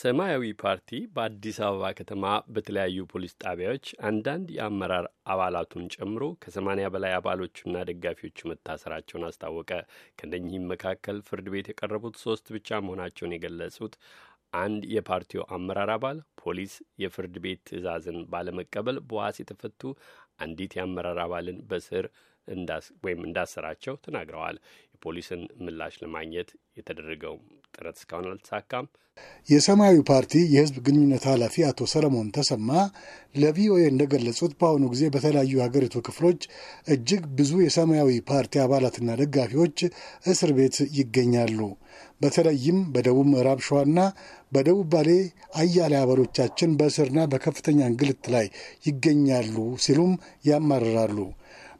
ሰማያዊ ፓርቲ በአዲስ አበባ ከተማ በተለያዩ ፖሊስ ጣቢያዎች አንዳንድ የአመራር አባላቱን ጨምሮ ከሰማኒያ በላይ አባሎቹና ደጋፊዎቹ መታሰራቸውን አስታወቀ። ከእነኚህም መካከል ፍርድ ቤት የቀረቡት ሶስት ብቻ መሆናቸውን የገለጹት አንድ የፓርቲው አመራር አባል ፖሊስ የፍርድ ቤት ትዕዛዝን ባለመቀበል በዋስ የተፈቱ አንዲት የአመራር አባልን በስር ወይም እንዳሰራቸው ተናግረዋል። የፖሊስን ምላሽ ለማግኘት የተደረገው ጥረት እስካሁን አልተሳካም። የሰማያዊ ፓርቲ የህዝብ ግንኙነት ኃላፊ አቶ ሰለሞን ተሰማ ለቪኦኤ እንደገለጹት በአሁኑ ጊዜ በተለያዩ የሀገሪቱ ክፍሎች እጅግ ብዙ የሰማያዊ ፓርቲ አባላትና ደጋፊዎች እስር ቤት ይገኛሉ። በተለይም በደቡብ ምዕራብ ሸዋና በደቡብ ባሌ አያሌ አባሎቻችን በእስርና በከፍተኛ እንግልት ላይ ይገኛሉ ሲሉም ያማርራሉ።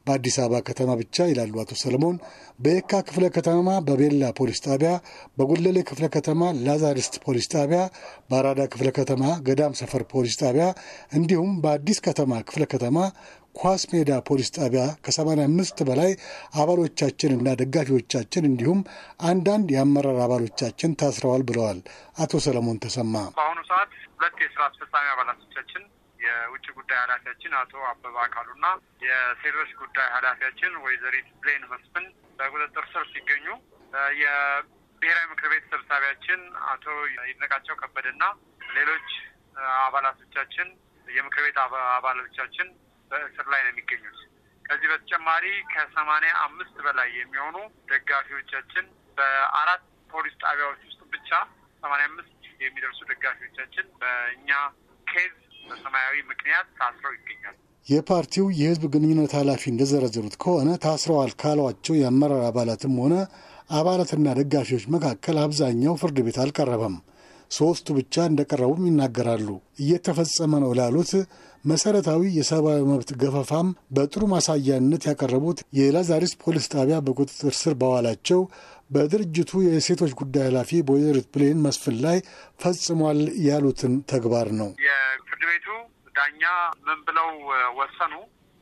በአዲስ አበባ ከተማ ብቻ ይላሉ አቶ ሰለሞን። በየካ ክፍለ ከተማ በቤላ ፖሊስ ጣቢያ፣ በጉለሌ ክፍለ ከተማ ላዛሪስት ፖሊስ ጣቢያ፣ በአራዳ ክፍለ ከተማ ገዳም ሰፈር ፖሊስ ጣቢያ እንዲሁም በአዲስ ከተማ ክፍለ ከተማ ኳስ ሜዳ ፖሊስ ጣቢያ ከ85 በላይ እና ደጋፊዎቻችን እንዲሁም አንዳንድ የአመራር አባሎቻችን ታስረዋል ብለዋል አቶ ሰለሞን ተሰማ። በአሁኑ ሰዓት ሁለት የስራ አስፈጻሚ አባላቶቻችን የውጭ ጉዳይ ኃላፊያችን አቶ አበባ አካሉና የሴቶች ጉዳይ ኃላፊያችን ወይዘሪት ብሌን መስፍን በቁጥጥር ስር ሲገኙ የብሔራዊ ምክር ቤት ሰብሳቢያችን አቶ ይነቃቸው ከበደና ሌሎች አባላቶቻችን የምክር ቤት አባሎቻችን በእስር ላይ ነው የሚገኙት። ከዚህ በተጨማሪ ከሰማንያ አምስት በላይ የሚሆኑ ደጋፊዎቻችን በአራት ፖሊስ ጣቢያዎች ውስጥ ብቻ ሰማንያ አምስት የሚደርሱ ደጋፊዎቻችን በእኛ ኬዝ በሰማያዊ ምክንያት ታስረው ይገኛሉ። የፓርቲው የህዝብ ግንኙነት ኃላፊ እንደዘረዘሩት ከሆነ ታስረዋል ካሏቸው የአመራር አባላትም ሆነ አባላትና ደጋፊዎች መካከል አብዛኛው ፍርድ ቤት አልቀረበም። ሦስቱ ብቻ እንደቀረቡም ይናገራሉ። እየተፈጸመ ነው ላሉት መሰረታዊ የሰብአዊ መብት ገፈፋም በጥሩ ማሳያነት ያቀረቡት የላዛሪስ ፖሊስ ጣቢያ በቁጥጥር ስር በዋላቸው በድርጅቱ የሴቶች ጉዳይ ኃላፊ በወይዘሪት ብሌን መስፍን ላይ ፈጽሟል ያሉትን ተግባር ነው። የፍርድ ቤቱ ዳኛ ምን ብለው ወሰኑ?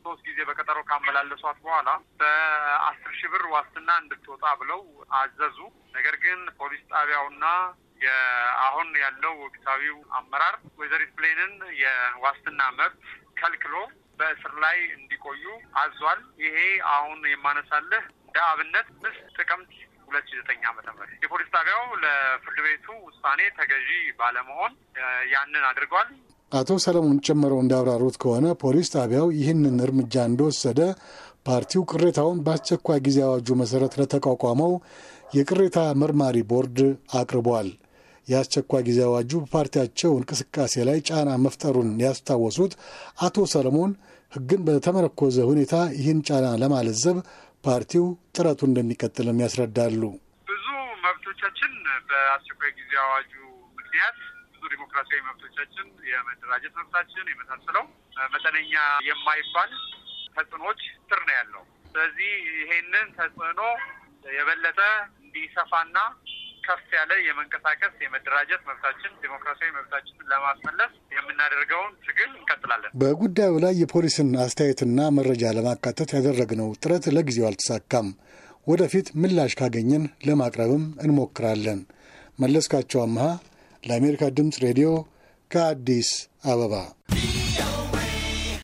ሶስት ጊዜ በቀጠሮ ካመላለሷት በኋላ በአስር ሺህ ብር ዋስትና እንድትወጣ ብለው አዘዙ። ነገር ግን ፖሊስ ጣቢያውና አሁን ያለው ወቅታዊው አመራር ወይዘሪት ብሌንን የዋስትና መብት ከልክሎ በእስር ላይ እንዲቆዩ አዟል። ይሄ አሁን የማነሳልህ እንደ አብነት ምስ ጥቅምት ሁለት ሺ ዘጠኝ ዓመተ ምህረት የፖሊስ ጣቢያው ለፍርድ ቤቱ ውሳኔ ተገዢ ባለመሆን ያንን አድርጓል። አቶ ሰለሞን ጨምረው እንዳብራሩት ከሆነ ፖሊስ ጣቢያው ይህንን እርምጃ እንደወሰደ ፓርቲው ቅሬታውን በአስቸኳይ ጊዜ አዋጁ መሰረት ለተቋቋመው የቅሬታ መርማሪ ቦርድ አቅርቧል። የአስቸኳይ ጊዜ አዋጁ በፓርቲያቸው እንቅስቃሴ ላይ ጫና መፍጠሩን ያስታወሱት አቶ ሰለሞን ሕግን በተመረኮዘ ሁኔታ ይህን ጫና ለማለዘብ ፓርቲው ጥረቱ እንደሚቀጥልም ያስረዳሉ። ብዙ መብቶቻችን በአስቸኳይ ጊዜ አዋጁ ምክንያት ብዙ ዲሞክራሲያዊ መብቶቻችን፣ የመደራጀት መብታችን የመሳሰለው መጠነኛ የማይባል ተጽዕኖዎች ስር ነው ያለው። ስለዚህ ይሄንን ተጽዕኖ የበለጠ እንዲሰፋና ከፍ ያለ የመንቀሳቀስ የመደራጀት መብታችን ዴሞክራሲያዊ መብታችንን ለማስመለስ የምናደርገውን ትግል እንቀጥላለን። በጉዳዩ ላይ የፖሊስን አስተያየትና መረጃ ለማካተት ያደረግነው ጥረት ለጊዜው አልተሳካም። ወደፊት ምላሽ ካገኘን ለማቅረብም እንሞክራለን። መለስካቸው አምሃ ለአሜሪካ ድምፅ ሬዲዮ ከአዲስ አበባ